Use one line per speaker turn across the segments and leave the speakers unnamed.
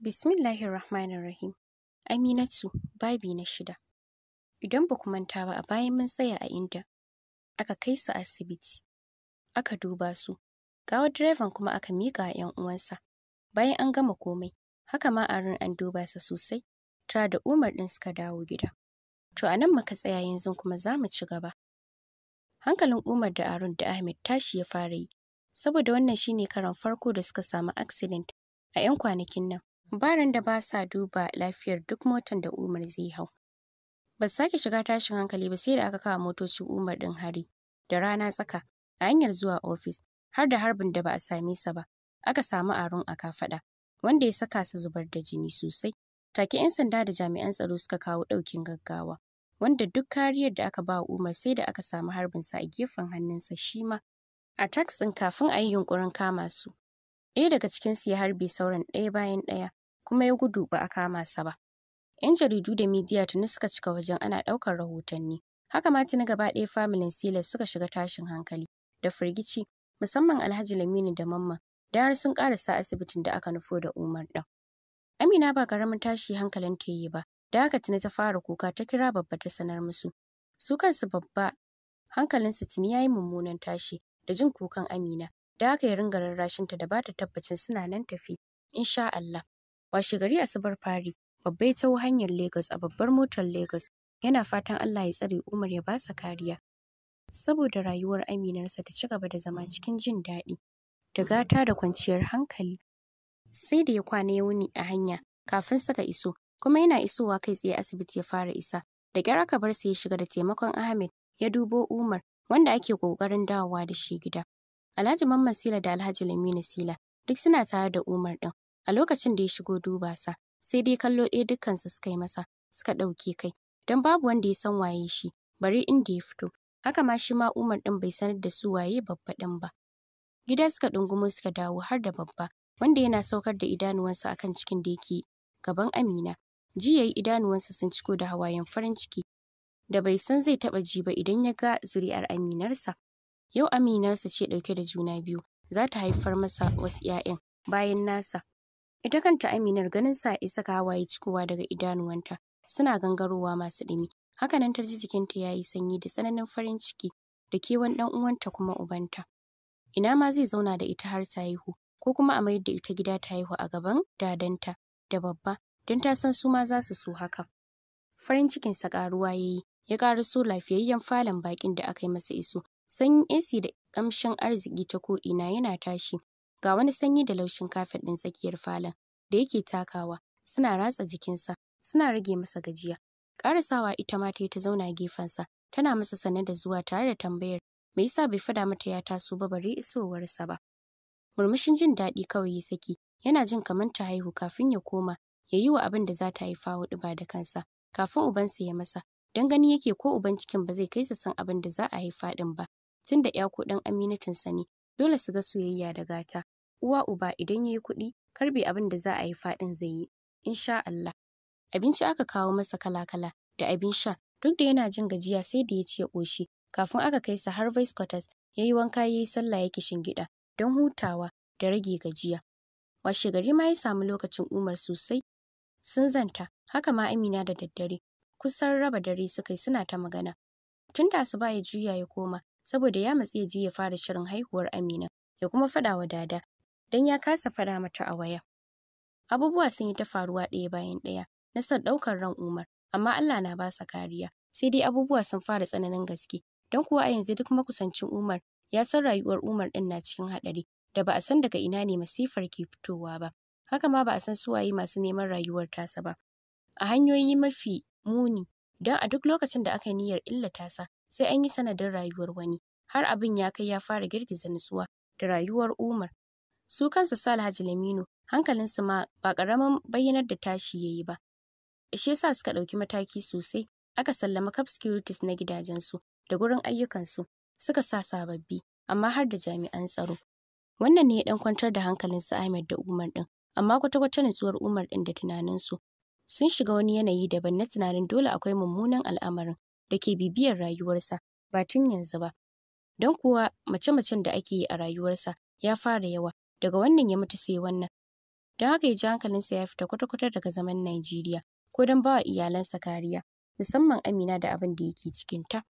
Bismillahirrahmanirrahim. Aminatu, babi na shida. Idan ba ku manta ba a bayan mun tsaya a inda aka kai su asibiti, aka duba su, gawa direban kuma aka miƙa a ‘yan uwansa. Bayan an gama komai, haka ma a an duba sa sosai, tara da Umar ɗin suka dawo gida. To a nan maka tsaya yanzu kuma za mu ci gaba. Hankalin Umar da Arun da Ahmed tashi ya fara yi, saboda wannan shine karon farko da suka samu accident a ‘yan kwanakin nan. baran da ba sa duba lafiyar duk motan da Umar zai hau. Ba sake shiga tashin hankali ba sai da aka kawo motocin Umar ɗin hari da rana tsaka a hanyar zuwa ofis har da harbin da ba a same sa ba aka samu aron a kafaɗa wanda ya saka su zubar da jini sosai. Take 'yan sanda da jami'an tsaro suka kawo ɗaukin gaggawa wanda duk kariyar da aka ba Umar sai da aka samu harbin sa a gefen hannunsa shi ma. A taksin kafin a yi yunƙurin kama su. Ɗaya daga cikinsu ya harbe sauran ɗaya bayan ɗaya. kuma ya gudu ba a kama sa ba. 'Yan jaridu da midiya tuni suka cika wajen ana ɗaukar rahotanni. Haka ma tuni gaba ɗaya familin Silas suka shiga tashin hankali da firgici musamman Alhaji Lamini da Mamma, da har sun karasa asibitin da aka nufo da Umar ɗan. Amina ba ƙaramin tashi hankalin ta yi ba, da haka tuni ta fara kuka ta kira babba ta sanar musu. Su kansu babba hankalinsu tuni ya yi mummunan tashi da jin kukan Amina, da haka ya ringa rarrashinta da ba ta tabbacin suna nan tafi, insha Allah. Washe gari Asabar fari, babbai ya hanyar Legas a babbar motar Legas, yana fatan Allah ya tsare Umar ya basa kariya. Saboda rayuwar aminarsa ta ci gaba da zama cikin jin daɗi, da gata da kwanciyar hankali. Sai da ya kwana ya wuni a hanya, kafin saka iso, kuma yana isowa kai tsaye asibiti ya fara isa. Da kyar aka bar ya shiga da taimakon Ahmed, ya dubo Umar, wanda ake ƙoƙarin dawowa da shi gida. Alhaji Mamman Sila da Alhaji lamina Sila duk suna tare da Umar ɗin, a lokacin da ya shigo duba sa sai dai kallo ɗaya dukkansu suka yi masa suka ɗauke kai don babu wanda ya san waye shi bari inda ya fito haka ma shi ma umar ɗin bai sanar da su waye babba ɗin ba gida suka ɗungumo suka dawo har da babba wanda yana saukar da idanuwansa akan cikin da yake gaban amina ji yayi idanuwansa sun ciko da hawayen farin ciki da bai san zai taɓa ji ba idan ya ga zuri'ar aminarsa yau aminarsa ce ɗauke da juna biyu za ta haifar masa wasu 'ya'yan bayan nasa Ita kanta Aminar ganin sa isa saka hawaye cikowa daga idanuwanta suna gangarowa masu ɗumi. Hakanan ta ji jikinta ya yi sanyi da tsananin farin ciki da kewan ɗan uwanta kuma ubanta. Ina ma zai zauna da ita har ta haihu ko kuma a mayar da ita gida ta haihu a gaban dadanta da babba don ta san su ma za su so haka. Farin cikinsa ƙaruwa ya yi ya so lafiyayyen falon baƙin da aka yi masa iso. Sanyin AC da ƙamshin arziki ta ko'ina yana tashi ga wani sanyi da laushin kafet ɗin tsakiyar falon da yake takawa suna ratsa jikinsa suna rage masa gajiya karasawa ita ma ta yi ta zauna gefensa tana masa sane da zuwa tare da tambayar me yasa bai fada mata ya taso ba bare isowarsa ba murmushin jin daɗi kawai ya saki yana jin kamar ta haihu kafin ya koma ya yi wa abin da za ta haifa hudu ba da kansa kafin ubansa ya masa don gani yake ko uban cikin ba zai kai sa san abin da za a haifa ɗin ba tunda ya ko ɗan aminatinsa ne dole su ga soyayya da gata uwa uba idan yayi kuɗi karbe abin da za a yi faɗin zai yi insha Allah abinci aka kawo masa kala-kala da abin sha duk da yana jin gajiya sai da ya ce ya ƙoshi kafin aka kai sa har vice quarters ya yi wanka ya yi sallah ya gida don hutawa da rage gajiya washe gari ma ya samu lokacin umar sosai sun zanta haka ma amina da daddare kusan raba dare suka yi suna ta magana Tunda da asuba ya juya ya koma saboda ya matsi ya ji ya fara shirin haihuwar Amina ya kuma faɗa wa Dada dan ya kasa faɗa mata a waya. Abubuwa sun yi ta faruwa ɗaya bayan ɗaya na son ɗaukar ran Umar amma Allah na ba sa kariya sai dai abubuwa sun fara tsananin gaske don kuwa a yanzu duk makusancin Umar ya san rayuwar Umar ɗin na cikin haɗari da ba a san daga ina ne masifar ke fitowa ba haka ma ba a san suwaye masu neman rayuwar tasa ba a hanyoyi mafi muni don a duk lokacin da aka niyyar illata sa sai an yi sanadin rayuwar wani har abin ya kai ya fara girgiza nutsuwa da rayuwar Umar su kansu su Alhaji Laminu hankalinsu ma ba ƙaramin bayyanar da tashi ya yi ba Ishe sa suka ɗauki mataki sosai aka sallama cap securities na gidajensu da gurin ayyukansu suka sa sababbi amma har da jami'an tsaro wannan ne ya ɗan kwantar da hankalinsu Ahmed da Umar din amma kwata-kwata nutsuwar Umar ɗin da tunaninsu sun shiga wani yanayi daban na tunanin dole akwai mummunan al'amarin da ke bibiyar rayuwarsa ba tun yanzu ba. Don kuwa mace-macen da ake yi a rayuwarsa ya fara yawa daga wannan ya mutu sai wannan. Don haka ya ji hankalinsa ya fita kwata-kwata daga zaman Najeriya ko don ba wa iyalansa kariya musamman Amina da abin da yake cikinta.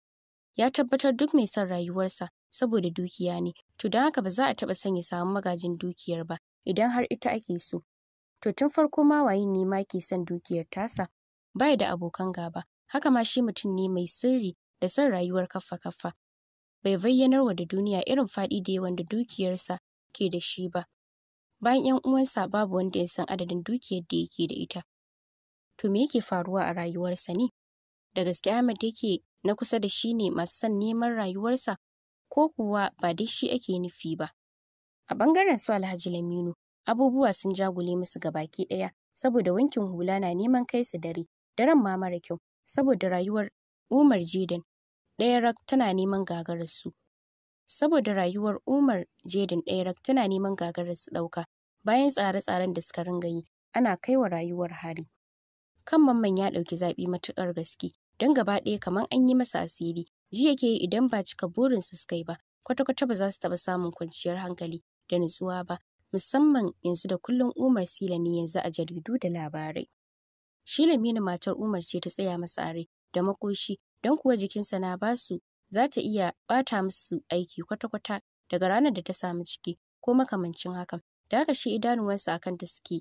Ya tabbatar duk mai son rayuwarsa saboda dukiya ne to don haka ba za a taɓa sanya samun magajin dukiyar ba idan har ita ake so. To tun farko ma waye ne ma ke son dukiyar tasa? baya da abokan gaba haka ma shi mutum ne mai sirri da son rayuwar kaffa-kaffa. Bai bayyanar wa da duniya irin faɗi da yawan da dukiyarsa ke da shi ba. Bayan 'yan uwansa babu wanda ya san adadin dukiyar da yake da ita. To me yake faruwa a rayuwarsa ne? Da gaske Ahmad yake na kusa da shi ne masu son neman rayuwarsa ko kuwa ba dai shi ake nufi ba. A ɓangaren su Alhaji Laminu, abubuwa sun jagule musu gabaki ɗaya saboda wankin hula na neman kai su dare, daren ma mara kyau. saboda rayuwar Umar Jedin ɗaya rak tana neman gagararsu. Saboda rayuwar Umar Jedin ɗaya rak tana neman su ɗauka bayan tsare-tsaren da suka ringa yi ana wa rayuwar hari. Kan mamman ya ɗauki zaɓi matuƙar gaske don gaba ɗaya kamar an yi masa asiri ji yake idan ba cika su suka yi ba kwata-kwata ba za su taɓa samun kwanciyar hankali da nutsuwa ba musamman yanzu da kullum Umar Sila ne yanzu a jaridu da labarai. Shi Lamini matar Umar ce ta tsaya masa a da makoshi don kuwa jikinsa na basu za ta iya ɓata musu aiki kwata-kwata daga ranar da ta samu ciki ko makamancin hakan. Da haka shi idanuwansa akan ta suke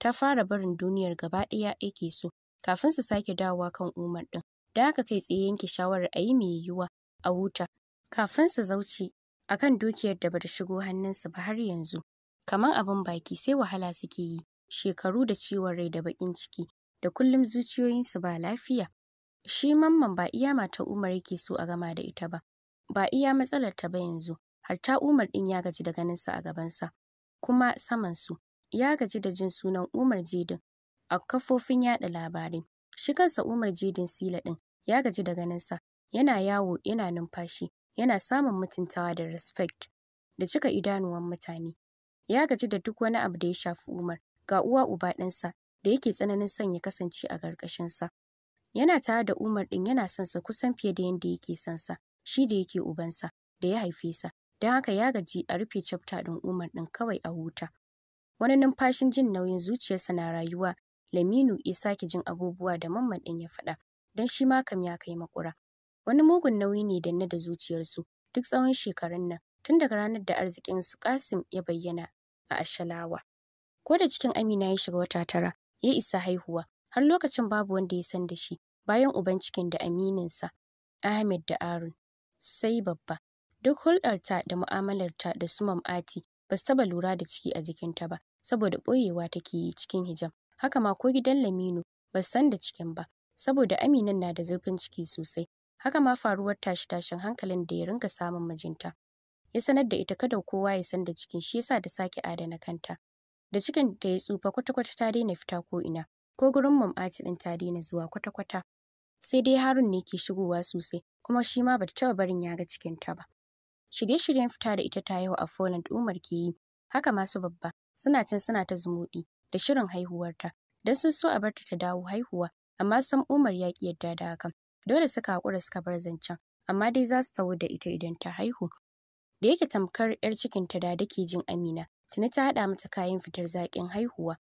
ta fara barin duniyar gaba ɗaya yake so kafin su sake dawowa kan Umar ɗin. Da haka kai tsaye yanke shawarar a yi mai yiwuwa a huta kafin su zauce akan dukiyar da bata shigo hannunsu ba har yanzu. Kamar abin baki sai wahala suke yi, shekaru da ciwon rai da bakin ciki da kullum zuciyoyinsu ba lafiya. Shi mamman ba iya matar Umar yake so a gama da ita ba, ba iya matsalar ta ba yanzu, har ta Umar ɗin ya gaji da ganinsa a gabansa, kuma samansu, ya gaji da jin sunan Umar Jedin a kafofin yaɗa labarai. Shi kansa Umar jidin Sila ɗin ya gaji da ganinsa, yana yawo yana numfashi, yana samun mutuntawa da respect da cika idanuwan mutane. Ya gaji da duk wani abu da ya shafi Umar, ga uwa uba ɗansa da yake tsananin son ya kasance a ƙarƙashinsa. Yana tare da Umar din yana son sa kusan fiye da yanda yake son sa, shi da yake ubansa, da ya haife sa, don haka ya gaji a rufe chapter din Umar din kawai a huta. Wani numfashin jin nauyin zuciyarsa na rayuwa, Laminu ya sake jin abubuwa da Mamman din ya faɗa, don shi ma kam ya kai makura. Wani mugun nauyi ne da na da zuciyarsu duk tsawon shekarun nan, tun daga ranar da arzikin su Kasim ya bayyana a Ashalawa. Ko da cikin Amina ya shiga wata tara, ya isa haihuwa har lokacin babu wanda ya san da shi bayan uban cikin da amininsa Ahmed da Arun sai babba duk hulɗarta da mu'amalar ta da su mam'ati ba su taba lura da ciki a jikinta ba saboda ɓoyewa take yi cikin hijab haka ma ko gidan Laminu ba san da cikin ba saboda Aminan na da zurfin ciki sosai haka ma faruwar tashi tashin hankalin da ya rinka samun mijinta ya sanar da ita kada kowa ya san da cikin shi yasa da sake adana kanta da cikin da ya tsufa kwata-kwata ta daina fita ko ina ko gurin mam'aci ɗin ta daina zuwa kwata-kwata sai dai harun ne ke shigowa sosai kuma shi ma bata taɓa barin ya ga cikin ta ba shirye-shiryen fita da ita ta yau a Poland Umar ke yi haka masu babba suna cin suna ta zumuɗi da shirin haihuwarta don sun so a barta ta dawo haihuwa amma san Umar ya ki yadda da hakan dole suka haƙura suka bar zancen amma dai za su tawo da ita idan ta haihu da yake tamkar 'yar cikin ta da dake jin Amina tuni ta haɗa mata kayan fitar zaƙin haihuwa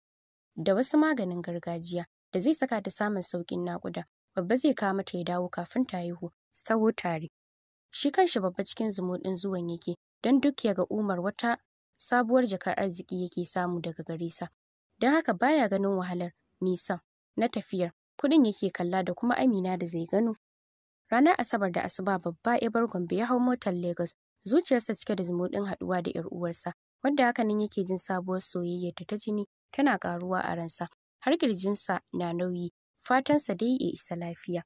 da wasu maganin gargajiya da zai saka ta samun sauƙin naƙuda babba zai kawo mata ya dawo kafin ta haihu su taho tare shi kanshi babba cikin zumuɗin zuwan yake don duk ya ga umar wata sabuwar jakar arziki yake samu daga gare sa don haka baya ganin wahalar nisan na tafiyar kuɗin yake kalla da kuma amina da zai gano ranar asabar da asuba babba ya bar gombe ya hau motar lagos zuciyarsa cike da zumuɗin haɗuwa da 'yar uwarsa wanda hakanan yake jin sabuwar soyayyar ta jini tana karuwa a ransa har kirjinsa na nauyi fatansa dai ya isa lafiya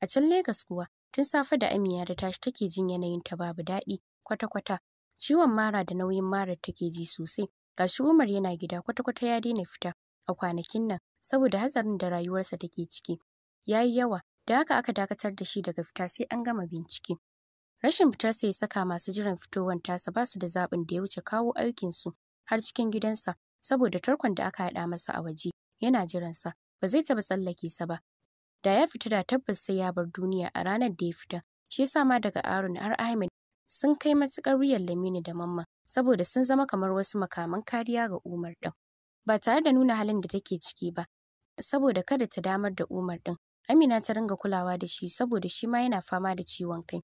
a can Legas kuwa tun safe da Amina da tashi take jin yanayin ta babu daɗi kwata-kwata ciwon mara da nauyin mara take ji sosai gashi Umar yana gida kwata-kwata ya daina fita a kwanakin nan saboda hatsarin da rayuwarsa take ciki yayi yawa da haka aka dakatar da shi daga fita sai an gama bincike Rashin fitarsa ya saka masu jiran fitowar tasa ba su da zaɓin da ya wuce kawo aikin su har cikin gidansa saboda tarkon da aka haɗa masa a waje yana jiransa ba zai taɓa tsallake sa ba. Da ya fita da tabbas sai ya bar duniya a ranar da ya fita shi yasa ma daga Arun har Ahmed sun kai matuƙar wuyar Lamini da mamma saboda sun zama kamar wasu makaman kariya ga Umar ɗin. Ba tare da nuna halin da take ciki ba saboda kada ta damar da Umar ɗin Amina ta ringa kulawa da shi saboda shi ma yana fama da ciwon kai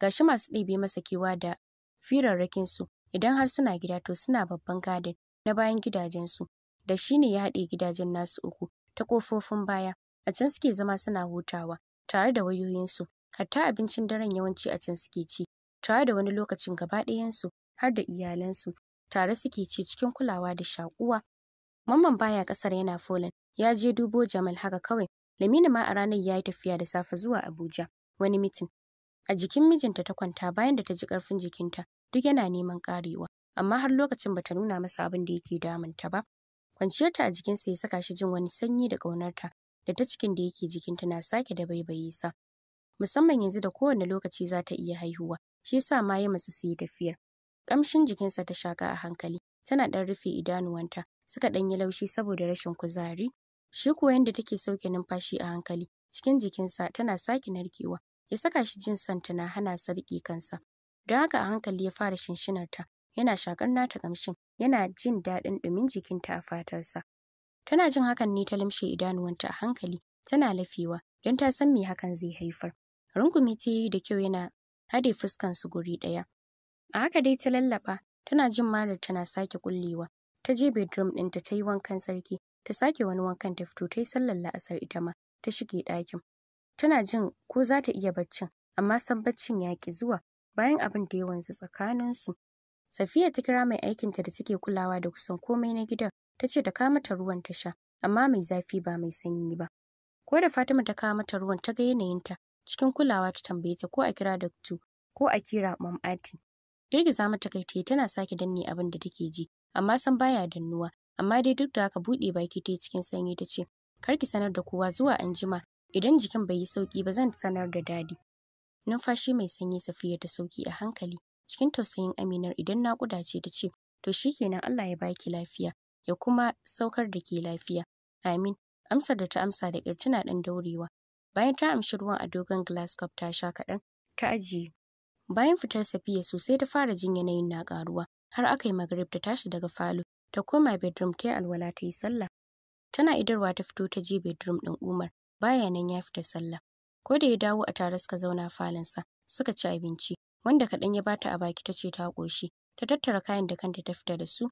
gashi masu ɗebe masa kewa da firarrakin su idan har suna gida to suna babban gadin na bayan gidajen su da shine ya haɗe gidajen nasu uku ta ƙofofin baya a can suke zama suna hutawa tare da wayoyin su hatta abincin daren yawanci a can suke ci tare da wani lokacin gaba ɗayan su har da iyalan su tare suke ci cikin kulawa da shakuwa mamman baya ƙasar yana folin ya je dubo Jamal haka kawai Lamina ma a ranar ya yi tafiya da safe zuwa Abuja wani mitin A jikin mijinta ta kwanta bayan da ta ji ƙarfin jikinta duk yana neman ƙarewa, amma har lokacin bata nuna masa abin da yake damunta ba. Kwanciyarta a jikinsa ya saka shi jin wani sanyi da ƙaunarta da ta cikin da yake jikinta na sake da baibaye sa. Musamman yanzu da kowane lokaci za ta iya haihuwa, shi yasa ma ya masu su yi tafiyar. Ƙamshin jikinsa ta shaƙa a hankali, tana ɗan rufe idanuwanta, suka ɗan yi laushi saboda rashin kuzari. Shi kuwa yanda take sauke numfashi a hankali, cikin jikinsa tana sake narkewa ya saka shi jin son tana hana sarki kansa don haka a hankali ya fara shinshinarta yana shakar nata kamshin yana jin daɗin ɗumin jikinta a fatarsa tana jin hakan ne ta lamshe idanuwanta a hankali tana lafewa don ta san me hakan zai haifar rungumi ta yi da kyau yana hade fuskan su guri ɗaya a haka dai ta lallaɓa, tana jin marar tana sake kullewa ta je bedroom ɗinta ta yi wankan sarki ta sake wani wankan ta fito ta yi sallar la'asar ita ma ta shige ɗakin Tana jin ko za ta iya baccin, amma san baccin ya ki zuwa bayan abin da ya wanzu tsakanin su Safiya ta kira mai aikinta da take kulawa da kusan komai na gidan, ta ce ta kama mata ruwan ta sha, amma mai zafi ba mai sanyi ba. Ko da Fatima ta kawo mata ruwan ta ga ta cikin kulawa ta tambaye ta ko a kira daktu ko a kira mam'ati. Girgiza mata kai ta tana sake danne abin da take ji, amma san baya dannuwa, amma dai duk da haka buɗe baki ta cikin sanyi ta ce, kar ki sanar da kowa zuwa anjima Idan jikin bai yi sauki ba zan sanar da dadi. Numfashi mai sanyi safiya ta sauki a hankali. Cikin tausayin Aminar idan naƙuda ce ta ce, to shikenan Allah ya baki lafiya ya kuma saukar da ke lafiya. Amin. Amsar da ta amsa da ƙirji na ɗan daurewa. Bayan ta amshi ruwan a dogon glass cup ta sha kaɗan, ta ajiye. Bayan fitar Safiya sosai ta fara jin yanayin na ƙaruwa, har aka yi magrib ta tashi daga falo, ta koma bedroom ta yi alwala ta yi sallah. Tana idarwa ta fito ta je bedroom ɗin Umar, baya nan ya fita sallah ko da ya dawo a tare suka zauna sa suka ci abinci wanda kaɗan ya bata a baki ta ce ta ƙoshi ta tattara kayan da kanta ta fita da su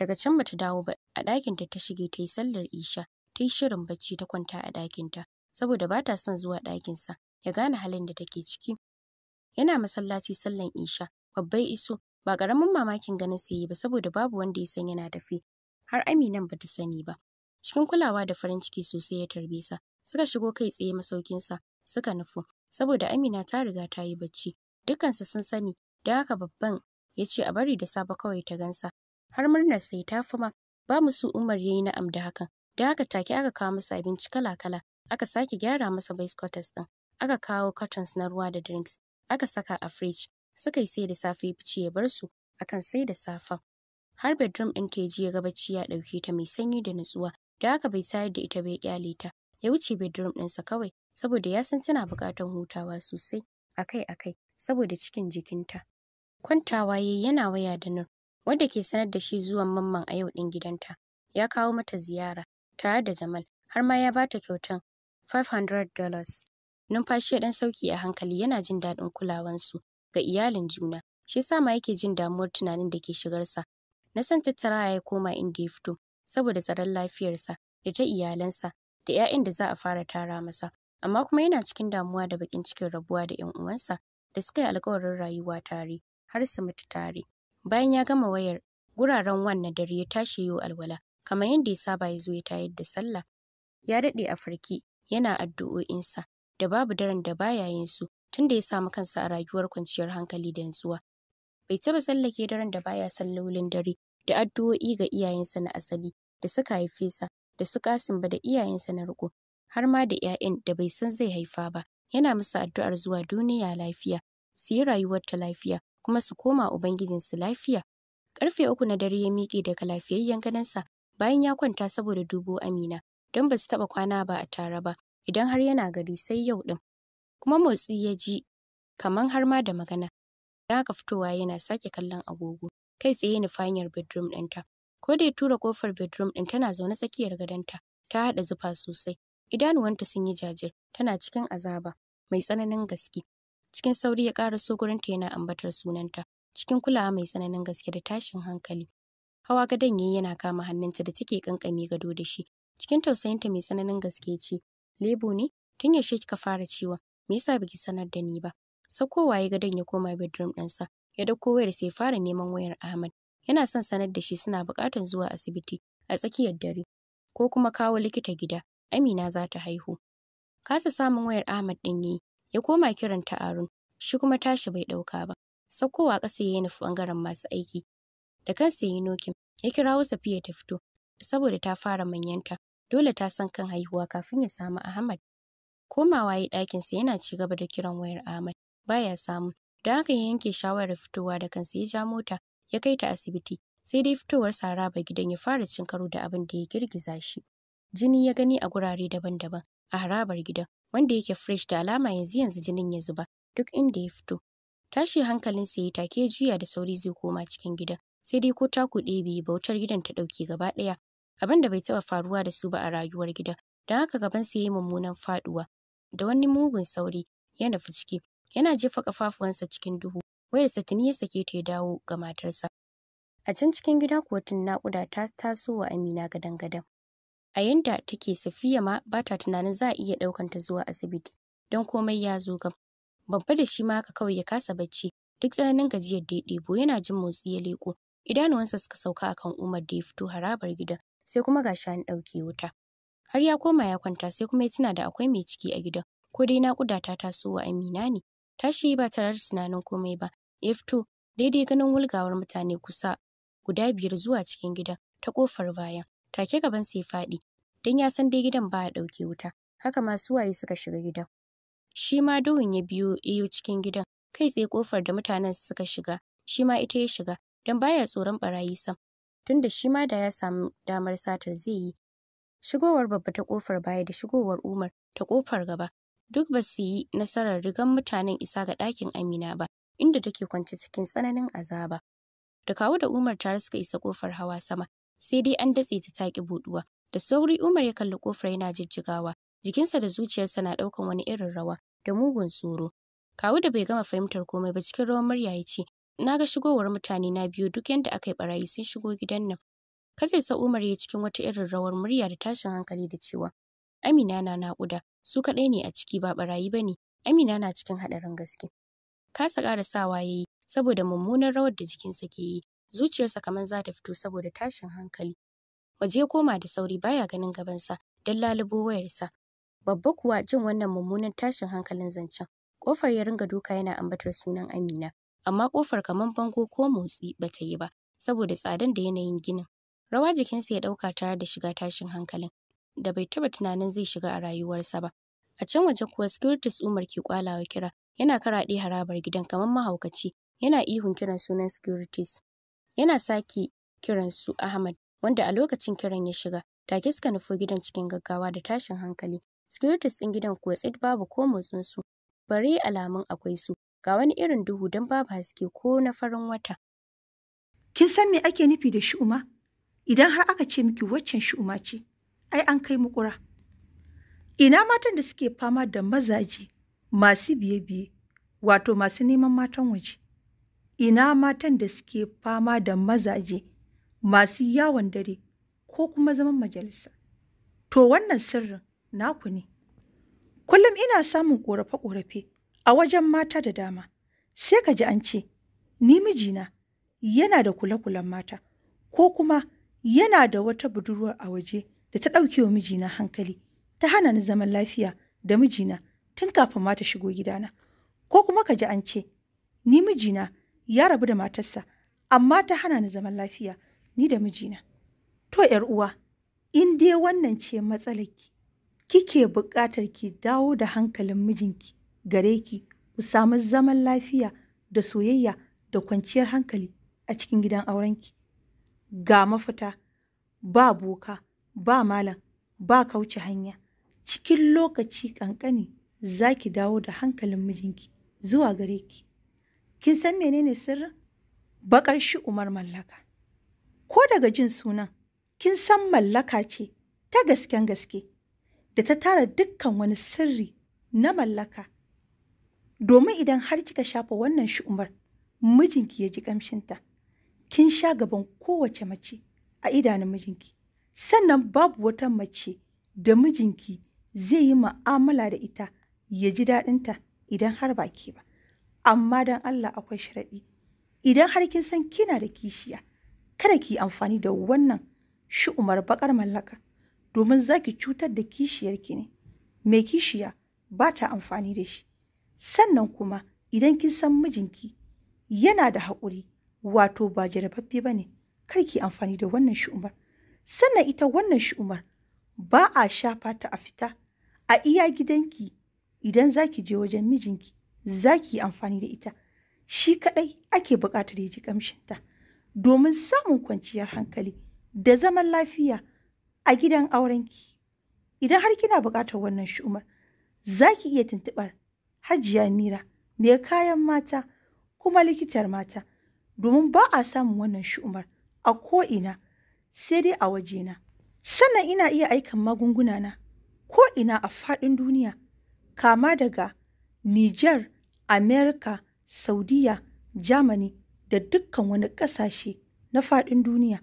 daga can bata dawo ba a ɗakinta ta shige ta yi sallar isha ta yi shirin bacci ta kwanta a ɗakinta saboda bata son zuwa ɗakinsa ya gane halin da take ciki yana masallaci sallan isha babbai iso ba ƙaramin mamakin ganin sa yi ba saboda babu wanda ya san yana tafi har aminan bata sani ba cikin kulawa da farin ciki sosai ya tarbe sa suka shigo kai tsaye masaukinsa suka nufo saboda Amina ta riga ta yi bacci dukansu sun sani da haka babban ya ce a bari da safe kawai ta gansa har murnar sai ta fi ma ba mu su Umar ya yi na'am da hakan da haka take aka kawo masa abinci kala-kala aka sake gyara masa scotters din aka kawo cartons na ruwa da drinks aka saka a fridge suka yi sai da safe fice ya bar su akan sai da safa har bedroom ɗin ta ji ya ga bacci ya ɗauke ta mai sanyi da nutsuwa da haka bai sayar da ita bai kyale ta ya wuce bedroom ɗinsa kawai saboda ya san tana buƙatar hutawa sosai akai-akai saboda cikin jikinta. Kwantawa yayi yana waya da nan wanda ke sanar da shi zuwan mamman a yau ɗin gidanta. Ya kawo mata ziyara tare da Jamal har ma ya bata kyautan $500. Numfashi ya ɗan sauki a hankali yana jin daɗin su ga iyalin juna. Shi yasa ma yake jin damuwar tunanin da ke shigarsa. Na san tattara ya koma inda ya fito saboda tsaron lafiyarsa da ta iyalansa da 'ya'yan da za a fara tara masa amma kuma yana cikin damuwa da baƙin cikin rabuwa da 'yan uwansa da suka yi alƙawarin rayuwa tare har su mutu tare bayan ya gama wayar guraren wannan dare ya tashi yau alwala kamar yadda ya saba ya zo ya tayar da sallah ya daɗe a farke yana addu'o'insa da babu daren da baya yin su tunda ya samu kansa a rayuwar kwanciyar hankali da nutsuwa bai taɓa tsallake daren da baya sallolin dare da addu'o'i ga iyayensa na asali da suka haife sa da su Kasim ba da iyayensa na riko har ma da 'ya'yan da bai san zai haifa ba yana musu addu'ar zuwa duniya lafiya su yi rayuwarta lafiya kuma su koma ubangijinsu lafiya karfe uku na dare ya miƙe daga lafiyayyen ganinsa. bayan ya kwanta saboda dubo Amina don ba su taɓa kwana ba a tare ba idan har yana gari sai yau ɗin kuma motsi ya ji kaman har ma da magana ya haka fitowa yana sake kallon agogo kai tsaye nufa hanyar bedroom ɗinta ko da ya tura kofar bedroom din tana zaune tsakiyar gadonta ta haɗa zufa sosai idanuwanta sun yi jajir tana cikin azaba mai tsananin gaske cikin sauri ya ƙaraso gurinta yana ambatar sunanta cikin kulawa mai tsananin gaske da tashin hankali hawa gadon yayi yana kama hannunta da take kankame gado da shi cikin tausayinta mai tsananin gaske ce lebo ne tun yaushe kika fara ciwon me yasa baki sanar da ni ba saukowa ya gadon ya koma bedroom ɗinsa ya dauko wayar sai fara neman wayar Ahmad yana son sanar da shi suna buƙatar zuwa asibiti a tsakiyar dare ko kuma kawo likita gida Amina za ta haihu kasa samun wayar Ahmad din yi ya koma kiran ta Arun shi kuma tashi bai ɗauka ba saukowa ƙasa ya nufi bangaren masu aiki da kansa ya yi nokin ya kirawo Safiya ta fito saboda ta fara manyanta dole ta san kan haihuwa kafin ya samu Ahmad komawa ya ɗakinsa yana ci gaba da kiran wayar Ahmad baya samu don haka ya yanke shawarar fitowa da kansa ya ja mota ya kai ta asibiti sai dai fitowar saraba gidan ya fara cin karo da abin da ya girgiza shi jini ya gani a gurare daban-daban a harabar gidan wanda yake fresh da alama yanzu yanzu jinin ya zuba duk inda ya fito tashi hankalin sa ya take juya da sauri zai koma cikin gidan sai dai ko taku ɗaya bai bautar gidan ta ɗauke gaba ɗaya abin da bai taɓa faruwa da su ba a rayuwar gidan don haka gaban sa ya yi mummunan faduwa. da wani mugun sauri ya nufi ciki yana jefa ƙafafuwansa cikin duhu wayarsa satini ya sake ta ya dawo ga matarsa. A can cikin gida kotun nakuda naƙuda ta taso wa Amina gadan-gadan. A yanda take Safiya ma ba ta tunanin za a iya ɗaukan ta zuwa asibiti don komai ya zo gam. Babba da shi ma haka kawai ya kasa bacci duk tsananin gajiyar da ya ɗebo yana jin motsi ya leƙo. Idanuwansa suka sauka a kan Umar da ya fito harabar gidan sai kuma ga an ɗauke wuta. Har ya koma ya kwanta sai kuma ya tuna da akwai mai ciki a gidan ko dai naƙuda ta taso wa Amina ne. Tashi ba tare da tunanin komai ba ya fito daidai ganin wulgawar mutane kusa guda biyar zuwa cikin gidan ta kofar baya take gaban sai faɗi Dan ya san dai gidan ba a ɗauke wuta haka ma waye suka shiga gidan shi ma duhun ya biyo iyo cikin gidan kai tsaye kofar da mutanen suka shiga shi ma ita ya shiga don baya tsoron barayi sam tunda shi ma da ya samu damar satar zai yi shigowar babba ta kofar baya da shigowar umar ta kofar gaba duk ba su yi nasarar rigan mutanen isa ga ɗakin amina ba inda take kwance cikin tsananin azaba. Da kawo da Umar tare suka isa kofar hawa sama, sai dai an datse ta taƙi buɗuwa. Da sauri Umar ya kalli kofar yana jijjigawa, jikinsa da zuciyarsa na ɗaukan wani irin rawa da mugun tsoro. Kawu da bai gama fahimtar komai ba cikin rawar murya ya ce, Na ga shigowar mutane na biyu duk yadda aka yi barayi sun shigo gidan nan. sa Umar ya cikin wata irin rawar murya da tashin hankali da cewa, Amina na naƙuda, su kaɗai ne a ciki ba barayi ba ne, Amina na cikin haɗarin gaske. kasa karasawa yayi saboda mummunar rawar da jikinsa ke yi zuciyarsa kamar za ta fito saboda tashin hankali waje ya koma da sauri baya ganin gabansa don lalubo wayarsa babba kuwa jin wannan mummunan tashin hankalin zancen kofar ya ringa duka yana ambatar sunan Amina amma kofar kamar bango ko motsi bata yi ba saboda tsadan da yanayin ginin rawa jikinsa ya dauka tare da shiga tashin hankalin da bai taba tunanin zai shiga a rayuwarsa ba a can waje kuwa securities Umar ke kwalawa kira yana karaɗe harabar gidan kamar mahaukaci yana ihun kiran sunan securities yana sake kiran su Ahmad wanda a lokacin kiran ya shiga take suka nufo gidan cikin gaggawa da tashin hankali securities ɗin gidan kuwa tsit babu ko motsin su bare alamun akwai su ga wani irin duhu don babu haske ko na farin wata kin san me ake nufi da shi'uma idan har aka ce miki waccan shi'uma ce ai
an kai mu mukura ina matan da suke fama da mazaje masu biye-biye wato masu neman matan waje ina matan da suke fama da mazaje masu yawon dare ko kuma zaman majalisa to wannan sirrin naku ne kullum ina samun ƙorafe-ƙorafe a wajen mata da dama sai ka ji an ce ni mijina yana da kula-kulan mata ko kuma yana da wata budurwar a waje da ta ɗauke wa mijina hankali ta hana ni zaman lafiya da mijina tun kafin ma ta shigo gidana ko kuma ka ji an ce ni mijina ya rabu da matarsa amma ta hana ni zaman lafiya ni da mijina to yar uwa in dai wannan ce matsalarki kike buƙatar ki dawo da hankalin mijinki gare ki ku samu zaman lafiya da soyayya da kwanciyar hankali a cikin gidan aurenki ga mafita ba boka ba malam ba kauce hanya cikin lokaci ƙanƙani za ki dawo da hankalin mijinki zuwa gare ki. Kin san menene sirrin? Bakar shi umar mallaka. Ko daga jin sunan, kin san mallaka ce ta gasken gaske da ta tara dukkan wani sirri na mallaka. Domin idan har kika shafa wannan shi umar, mijinki ya ji kamshinta. Kin sha gaban kowace mace a idanun mijinki. Sannan babu wata mace da mijinki zai yi ma'amala da ita ya ji daɗinta idan har ba ke ba. Amma don Allah akwai sharaɗi. Idan har kin san kina da kishiya, kada ki amfani da wannan shi'umar baƙar mallaka, domin za ki cutar da kishiyar ki ne. Mai kishiya ba ta amfani da shi. Sannan kuma idan kin san mijinki yana da haƙuri, wato ba jarababbe ba ne, kar ki amfani da wannan shuumar, Sannan ita wannan shuumar ba a shafa ta a fita a iya gidanki idan za ki je wajen mijinki za ki yi amfani da ita shi kaɗai ake buƙatar ya ji ƙamshinta domin samun kwanciyar hankali da zaman lafiya a gidan aurenki idan har kina buƙatar wannan shumar za ki iya tuntuɓar hajiya mira mai kayan mata kuma likitar mata domin ba a samun wannan shumar a ko'ina sai dai a wajena sannan ina iya aikan magunguna na ko'ina a faɗin duniya kama daga Nijar, Amerika, saudiya Jamani da dukkan wani ƙasashe na faɗin duniya.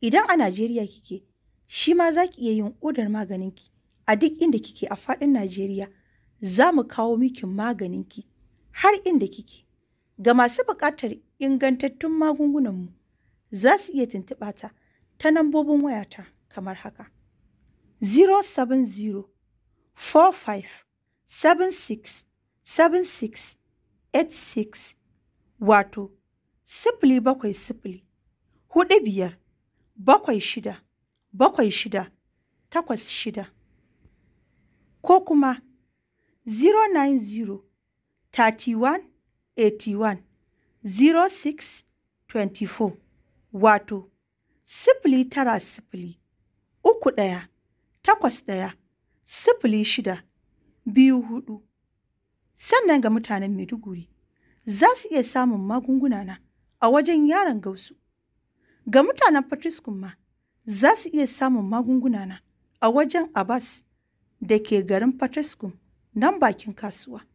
Idan a Najeriya kike, shi ma za ki iya yin odar maganinki a duk inda kike a faɗin Najeriya. Za mu kawo miki maganinki har inda kike. Ga masu buƙatar ingantattun magungunanmu, za su iya tuntuɓa ta ta lambobin wayata kamar haka: 070 45 seven six seven six eight six wato sifili bakwai sifili huɗu biyar bakwai shida bakwai shida takwas shida ko kuma 090 31 81 twenty 24 wato sifili tara sifili uku ɗaya takwas ɗaya sifili shida biyu hudu. Sannan ga mutanen Maiduguri za su iya samun magunguna na a wajen yaron gausu. Ga mutanen Fatiskun ma za su iya samun magunguna na a wajen Abbas da ke garin Fatiskun nan bakin kasuwa.